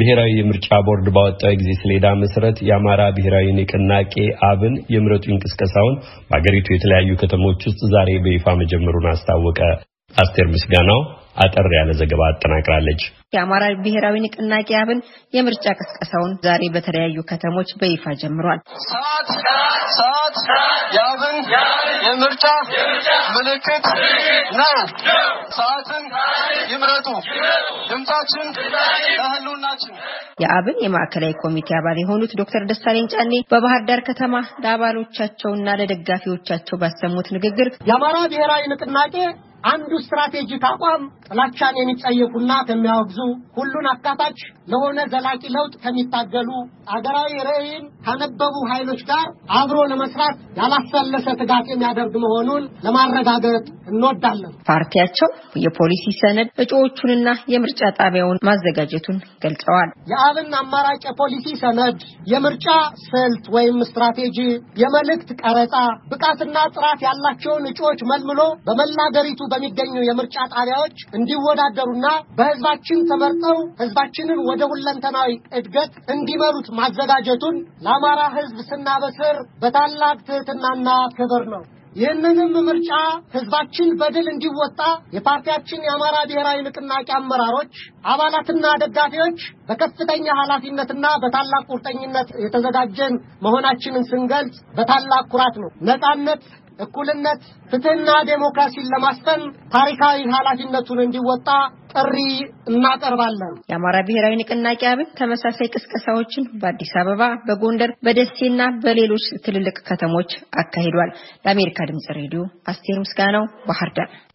ብሔራዊ የምርጫ ቦርድ ባወጣው የጊዜ ሰሌዳ መሰረት የአማራ ብሔራዊ ንቅናቄ አብን የምረጡ ቅስቀሳውን በአገሪቱ የተለያዩ ከተሞች ውስጥ ዛሬ በይፋ መጀመሩን አስታወቀ። አስቴር ምስጋናው አጠር ያለ ዘገባ አጠናቅራለች። የአማራ ብሔራዊ ንቅናቄ አብን የምርጫ ቅስቀሳውን ዛሬ በተለያዩ ከተሞች በይፋ ጀምሯል። ሰዓት የአብን የምርጫ ምልክት ነው። ሰዓትን ይምረጡ። ድምጻችን ለህልውናችን። የአብን የማዕከላዊ ኮሚቴ አባል የሆኑት ዶክተር ደሳለኝ ጫኔ በባህር ዳር ከተማ ለአባሎቻቸውና ለደጋፊዎቻቸው ባሰሙት ንግግር የአማራ ብሔራዊ ንቅናቄ አንዱ ስትራቴጂክ አቋም ጥላቻን የሚጸየፉና ከሚያወግዙ ሁሉን አካታች ለሆነ ዘላቂ ለውጥ ከሚታገሉ አገራዊ ርዕይን ከነበቡ ኃይሎች ጋር አብሮ ለመስራት ያላሰለሰ ትጋት የሚያደርግ መሆኑን ለማረጋገጥ እንወዳለን። ፓርቲያቸው የፖሊሲ ሰነድ እጩዎቹንና የምርጫ ጣቢያውን ማዘጋጀቱን ገልጸዋል። የአብን አማራጭ የፖሊሲ ሰነድ የምርጫ ስልት ወይም ስትራቴጂ፣ የመልእክት ቀረጻ፣ ብቃትና ጥራት ያላቸውን እጩዎች መልምሎ በመላ አገሪቱ በሚገኙ የምርጫ ጣቢያዎች እንዲወዳደሩና በህዝባችን ተመርጠው ህዝባችንን ወደ ሁለንተናዊ እድገት እንዲመሩት ማዘጋጀቱን ለአማራ ህዝብ ስናበስር በታላቅ ትህትናና ክብር ነው። ይህንንም ምርጫ ህዝባችን በድል እንዲወጣ የፓርቲያችን የአማራ ብሔራዊ ንቅናቄ አመራሮች፣ አባላትና ደጋፊዎች በከፍተኛ ኃላፊነትና በታላቅ ቁርጠኝነት የተዘጋጀን መሆናችንን ስንገልጽ በታላቅ ኩራት ነው። ነጻነት እኩልነት፣ ፍትህና ዴሞክራሲን ለማስፈን ታሪካዊ ኃላፊነቱን እንዲወጣ ጥሪ እናቀርባለን። የአማራ ብሔራዊ ንቅናቄ አብን ተመሳሳይ ቅስቀሳዎችን በአዲስ አበባ፣ በጎንደር፣ በደሴና በሌሎች ትልልቅ ከተሞች አካሂዷል። ለአሜሪካ ድምጽ ሬዲዮ አስቴር ምስጋናው ባህር ዳር